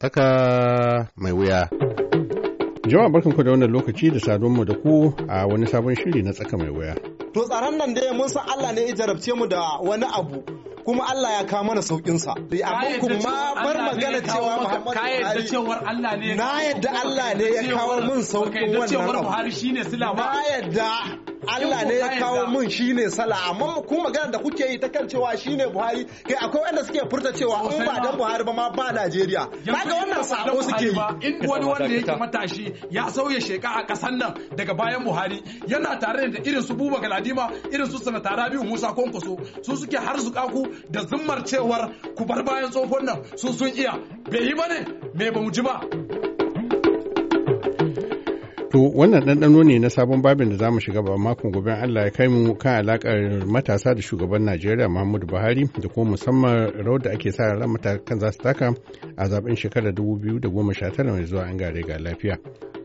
Tsaka mai wuya. Jama'a barkanku da wannan lokaci da sadonmu da ku a wani sabon shiri na tsaka mai wuya. To tsaron nan dai mun san Allah ne ya jarabce mu da wani abu kuma Allah ya kawo mana saukinsa. Amma eh, kuma bar magana cewa Muhammadu Buhari. cewar Allah ne. Na yadda Allah ne ya kawo mun saukin wannan abu. Na yadda Allah ne ya kawo mun shine sala amma ku magana da kuke yi ta kan cewa ne Buhari kai akwai wanda suke furta cewa in ba dan Buhari ba ma ba Najeriya kaga wannan sako suke yi in wani wanda yake matashi ya sauya sheka a kasan nan daga bayan Buhari yana tare da irin su Buba Galadima irin su Sanata Rabiu Musa Konkoso su suke har su ku da zummar cewar ku bar bayan tsohon nan su sun iya bai yi bane me ba mu ji ba To wannan ɗanɗano ne na sabon babin da za mu shiga ba makon gobe Allah ya kai mu kan alakar matasa da shugaban Najeriya Muhammadu Buhari da kuma musamman rawar da ake sa ran matakan za su taka a zaben shekarar 2019 mai zuwa an gare ga lafiya.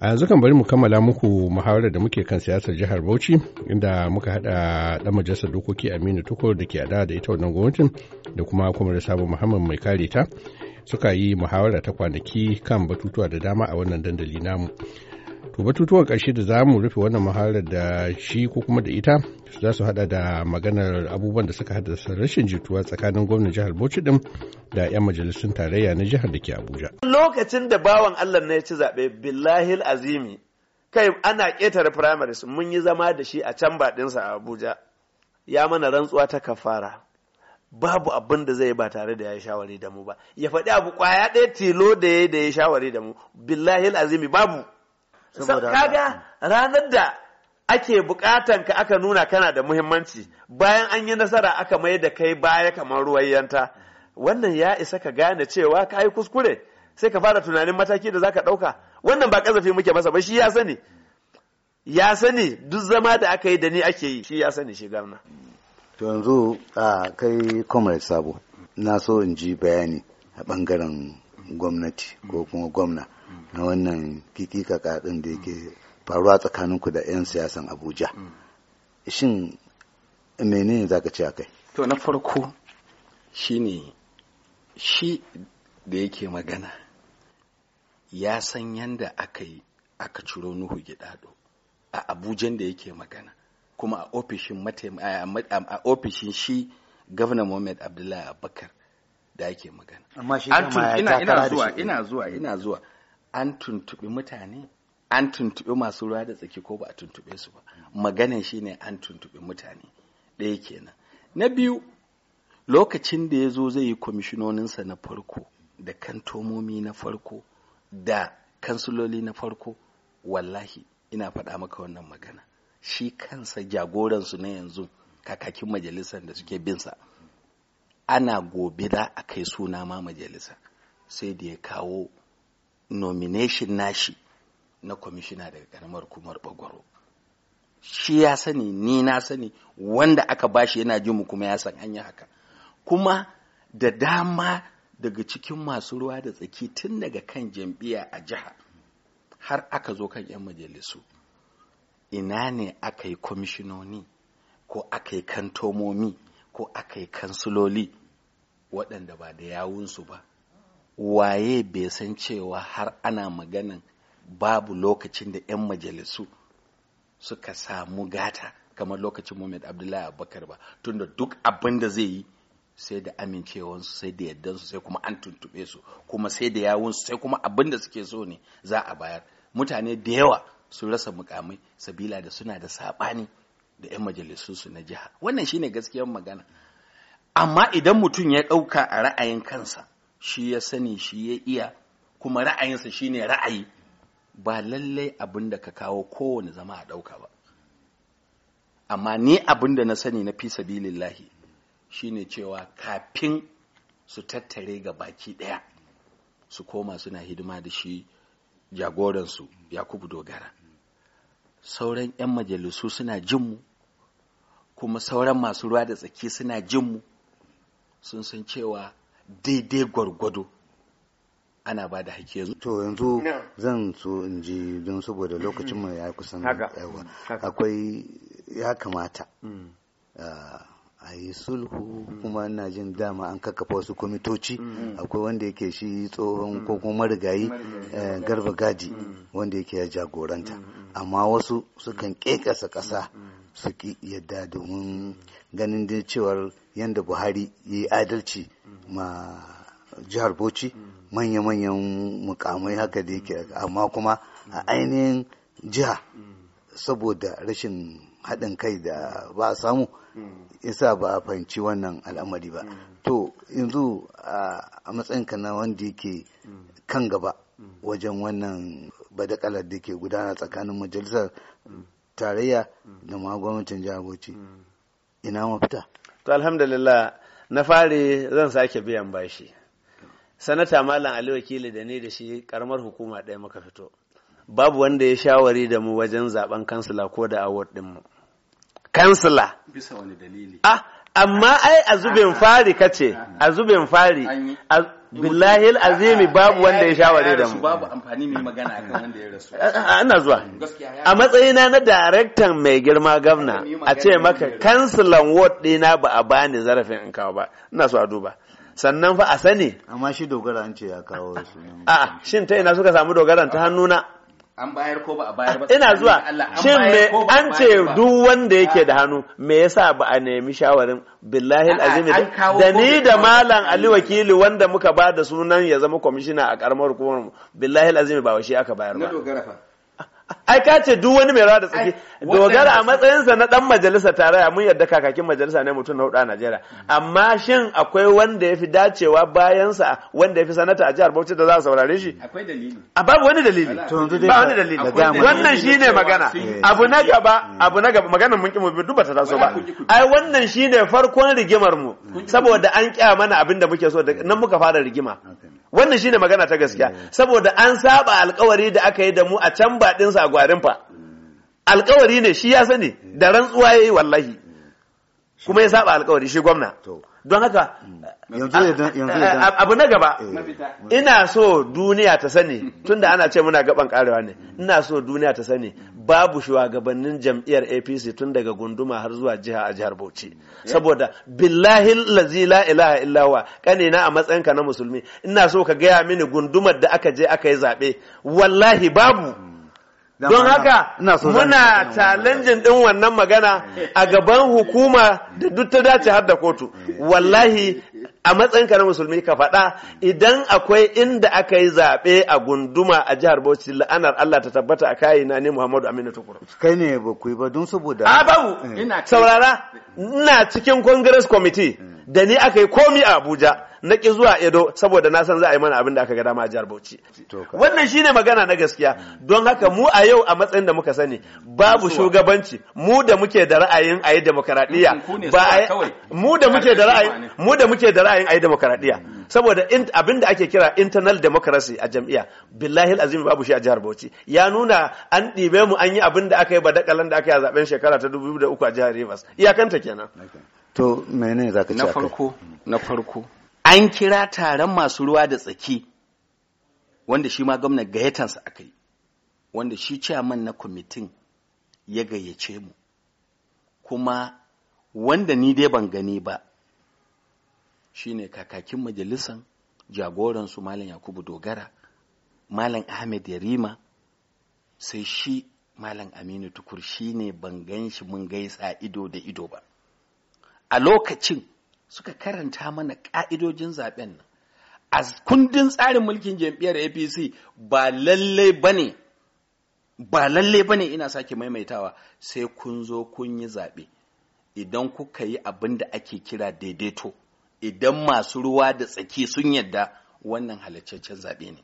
A yanzu kan bari mu kammala muku muhawarar da muke kan siyasar jihar Bauchi inda muka hada dan majalisar dokoki Aminu Tukur da ke adawa da ita wannan gwamnatin da kuma kuma sabon Muhammad mai kare ta suka yi muhawara ta kwanaki kan batutuwa da dama a wannan dandali namu. To batutuwan ƙarshe da za mu rufe wannan muhallar da shi ko kuma da ita za su hada da maganar abubuwan da suka haddasa rashin jituwa tsakanin gwamnan jihar Bauchi din da 'yan majalisun tarayya na jihar da ke Abuja. Lokacin da bawan Allah na ya ci zaɓe billahil azimi kai ana ƙetare primaries mun yi zama da shi a can ba sa a Abuja ya mana rantsuwa ta kafara. Babu abin da zai ba tare da ya yi shawari da mu ba, ya faɗi abu kwaya ɗaya tilo da ya da ya shawari da mu, billahil azimi babu. saboda kaga ranar da ake bukatan ka aka nuna kana da muhimmanci bayan an yi nasara aka mai da kai baya kamar ruwayyanta wannan ya isa ka gane cewa ka yi kuskure sai ka fara tunanin mataki da za ka dauka wannan ba kazafi muke masa ba shi ya sani ya sani duk zama da aka yi da ni ake yi shi ya sani shi gamna to yanzu a kai komai sabo na so in ji bayani a bangaren gwamnati ko kuma gwamna na wannan kikika din da yake faruwa tsakaninku da 'yan siyasan abuja mm. shin menene za ka ce a kai to na farko shine shi da yake magana ya san yadda aka yi aka ciro nuhu gidado a abujan da yake magana kuma a ofishin a ofishin shi gwamna Mohammed Abdullahi Abubakar da yake magana. Amma shi ina zuwa ina zuwa ina zuwa an tuntuɓi mutane an tuntuɓi masu ruwa da tsaki ko ba a tuntuɓe su ba Maganin shi ne an tuntuɓi mutane ɗaya kenan na biyu lokacin da ya zo zai yi kwamishinoninsa na farko da kantomomi na farko da kansuloli na farko wallahi ina faɗa maka wannan magana shi kansa jagoransu na yanzu kakakin majalisar da suke binsa ana gobe za a kai suna ma majalisa sai da ya kawo nomination nashi na kwamishina daga karamar hukumar bagwaro shi ya sani ni na sani wanda aka bashi yana jin mu kuma ya san an yi haka kuma da dama daga cikin masu ruwa da tsaki tun daga kan jam'iyya a jiha har aka zo kan 'yan majalisu ina ne aka yi kwamishinoni ko aka yi kantomomi ko aka yi kansuloli waɗanda ba da yawunsu ba waye bai san cewa har ana maganan babu lokacin da 'yan majalisu suka samu gata kamar lokacin Muhammad Abdullahi Abubakar ba tunda duk abin da zai yi sai da amincewansu sai da yardansu sai kuma an tuntube su kuma sai da yawunsu sai kuma abin da suke so ne za a bayar mutane da yawa sun rasa mukamai sabila da suna da saɓani da 'yan majalisunsu na jiha wannan shine gaskiyar magana amma idan mutum ya ɗauka a ra'ayin kansa shi ya sani shi ya iya kuma ra'ayinsa shi ne ra'ayi ba lallai abin da ka kawo kowane zama a ɗauka ba amma ni abin da na sani na fi sabilillahi ne cewa kafin su tattare ga baki ɗaya su koma suna hidima da shi jagoransu yakubu dogara sauran 'yan majalisu suna jinmu kuma sauran masu ruwa da tsaki suna jinmu sun san cewa daidai gwargwado ana ba da haƙƙi to yanzu zan so in ji don saboda lokacin mu ya kusan akwai ya kamata mm. ah, a yi sulhu mm. kuma ina jin dama an kakkafa wasu kwamitoci mm. Mm. akwai wanda yake shi tsohon ko marigayi eh, garba gadi wanda yake ya jagoranta amma wasu sukan kekasa ƙasa su ki yadda domin ganin dai cewar yadda buhari ya yi adalci ma jihar bauchi manya-manyan mukamai haka da yake amma kuma a ainihin jiha saboda rashin haɗin kai da ba a samu isa mm. ba a fahimci wannan al'amari ba mm. to yanzu a matsayinka na wanda yake mm. kan gaba wajen wannan badakalar da ke gudana tsakanin majalisar tarayya da ma gwamnatin jihar ina mafita to alhamdulillah na fari zan sake biyan bashi sanata malam ali wakili da ni da shi karamar hukuma ɗaya muka fito babu wanda ya shawari da mu wajen zaben kansila ko da award ɗinmu kansila bisa wani dalili ah amma ai a zubin ah, fari ka ce, ah, ah. a zubin fari billahil azimi babu wanda ya shaware da mu babu amfani mai magana akan wanda ya rasu ana zuwa a matsayina na daraktan mai girma gwamna a ce maka kansilan ward dina ba a bani zarafin in kawo ba ina so a duba sannan fa a sani amma shi dogara an ce ya kawo su a shin ta ina suka samu dogaran ta hannuna an bayar ko ba a bayar ba ina zuwa shin me an ce duk wanda yake da ah. hannu me yasa ba a nemi shawarin billahi alazim da ni da malam ali wakili wanda muka ba da sunan ya zama kwamishina a karamar hukumar billahi alazim ba wa shi aka bayar ba ai ka ce duk wani mai rawa da tsaki dogara a matsayinsa na dan majalisa tarayya mun yarda kakakin majalisa ne mutum na hudu a Najeriya amma shin akwai wanda yafi dacewa bayansa wanda yafi sanata a jihar Bauchi da za a saurare shi akwai dalili a babu wani dalili ba wani dalili wannan shine magana eh. abu na gaba hmm. abu na gaba maganar mun kimo duba ta taso ba ai wannan shine farkon rigimar mu hmm. saboda an kya mana abin da muke so nan muka fara rigima hmm. wannan shine magana ta gaskiya mm. saboda an saba alkawari da aka yi da mu a can baɗinsa a gwarin fa mm. alkawari ne shi ya sani da rantsuwa ya yi wallahi kuma ya saba alkawari shi gwamna don haka mm. abu na gaba eh. ina so duniya ta sani mm. tunda ana ce muna gaban karewa ne mm. ina so duniya ta sani babu shugabannin jam'iyyar apc tun daga gunduma har zuwa jiha a jihar bauchi eh. saboda billahi lazi la ilaha illawa kanina a matsayinka na musulmi ina so ka gaya mini gundumar da aka je aka yi zaɓe wallahi babu don haka muna challenging din wannan magana a gaban hukuma da duk ta dace har da kotu wallahi a matsayin na musulmi ka faɗa idan akwai inda aka yi zaɓe a gunduma a jihar Bauchi la'anar Allah ta tabbata a kayi na ne Muhammadu Aminu Tukuru. Kai ne ba ku ba don saboda. A babu eh. saurara ina cikin Congress Committee eh. da ni aka yi komi a Abuja. na ƙi zuwa Edo saboda na san za a yi mana abin da aka ga dama a jihar Bauchi wannan shine magana na gaskiya mm. don haka mu a yau a matsayin da muka sani babu shugabanci mu da muke da ra'ayin ayi demokradiya mm, ba mu da muke da ra'ayin mu da muke da ra'ayin ayi demokradiya mm. saboda abin da ake kira internal democracy a jam'iyya billahi azim babu shi a jihar Bauchi ya nuna an ɗibe mu an yi abin da aka yi badakalan da aka yi a zaben shekara ta 2003 a jihar Rivers iyakanta kenan to menene zaka ce na farko na farko an kira taron masu ruwa da tsaki wanda shi ma gwamnan gayyatansa aka yi wanda shi ciyaman na kwamitin ya gayyace mu kuma wanda ni dai ban gani ba shine kakakin majalisan jagoransu malam yakubu dogara malam ahmed yarima sai shi malam aminu tukur shi ne ban gan shi mun gaisa ido da ido ba a lokacin suka karanta mana ƙa'idojin zaben nan a kundin tsarin mulkin jam'iyyar apc ba lallai ba ne ba lallai ba ne ina sake maimaitawa sai kun zo kun yi zaɓe idan kuka yi abin da ake kira daidaito idan masu ruwa da tsaki sun yadda wannan halaccen zaɓe ne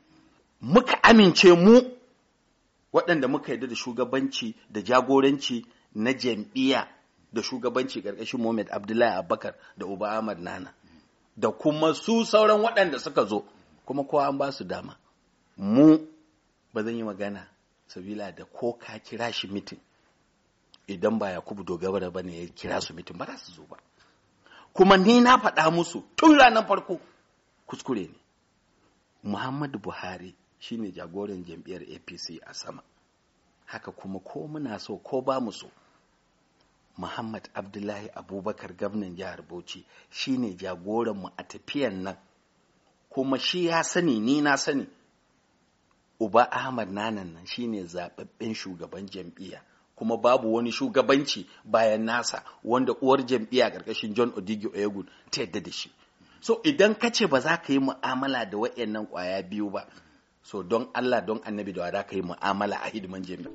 muka amince mu waɗanda muka yarda da shugabanci da jagoranci na jam'iyya da shugabanci karkashin Mohamed Abdullahi Abubakar da Uba Ahmad Nana da kuma su sauran waɗanda suka zo kuma kowa an ba su dama mu ba zan yi magana sabila da ko ka kira shi mitin idan ba Yakubu Dogara ba ne ya kira su mitin ba za su zo ba kuma ni na faɗa musu tun ranar farko kuskure ne Muhammadu Buhari shine jagoran jam'iyyar APC a sama haka kuma ko muna so ko ba mu so muhammad abdullahi abubakar gwamnan jihar bauchi shine jagoranmu a tafiyan nan kuma shi ya sani ni na sani uba ahmad nanan nan shine zaɓaɓɓen shugaban jam'iyya kuma babu wani shugabanci bayan nasa wanda uwar jam'iyya ƙarƙashin john odigi oyegun ta yadda da shi so idan ka ce ba za ka yi mu'amala da nan ƙwaya biyu ba so don allah don annabi da wada ka yi mu'amala a hidiman jam'iyya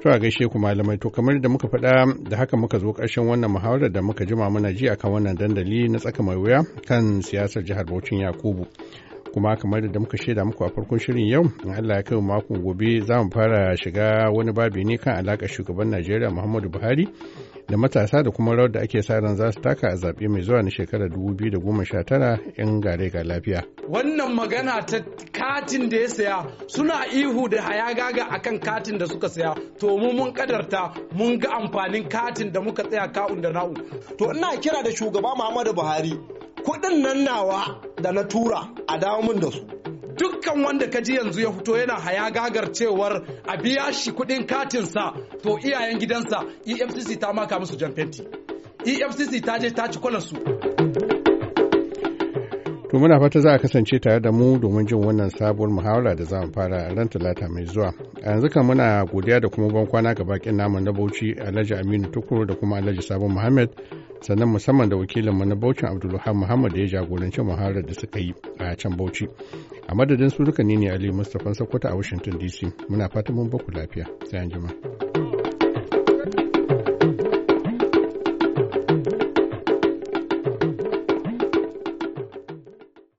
To a gaishe ku malamai to kamar da muka faɗa da haka muka zo ƙarshen wannan muhawarar da muka jima muna ji akan wannan dandali na tsaka mai wuya kan siyasar jihar Bauchin Yakubu. kuma kamar da muka shaida muku a farkon shirin yau in Allah ya kai makon gobe za mu fara shiga wani babi ne kan alaƙa shugaban Najeriya Muhammadu Buhari da matasa da kuma rawar da ake sa ran za su taka a zaɓe mai zuwa na shekarar 2019 in gare ga lafiya. Wannan magana ta katin da ya saya suna ihu da hayagaga akan katin da suka saya to mu mun kadarta mun ga amfanin katin da muka tsaya ka'un da na'u. To ina kira da shugaba Muhammadu Buhari kuɗin nan nawa da na tura a dawo min da su dukkan wanda ka ji yanzu ya fito yana haya gagar cewar a biya shi kuɗin katinsa to iyayen gidansa efcc ta maka musu jan fenti efcc ta je ta ci kwalarsu To muna fata za a kasance tare da mu domin jin wannan sabuwar muhawara da za mu fara ran talata mai zuwa. A yanzu kan muna godiya da kuma ban kwana ga bakin namu na Bauchi Alhaji Aminu Tukuru da kuma Alhaji Sabon Muhammad sannan musamman da wakilinmu na Bauchin Abdulluhan Muhammad da ya jagoranci muharar da suka yi a can Bauchi. A madadin su duka ne ne Ali Mustapha Sokoto a Washington DC. Muna fatan mun baku lafiya. Sai anjima.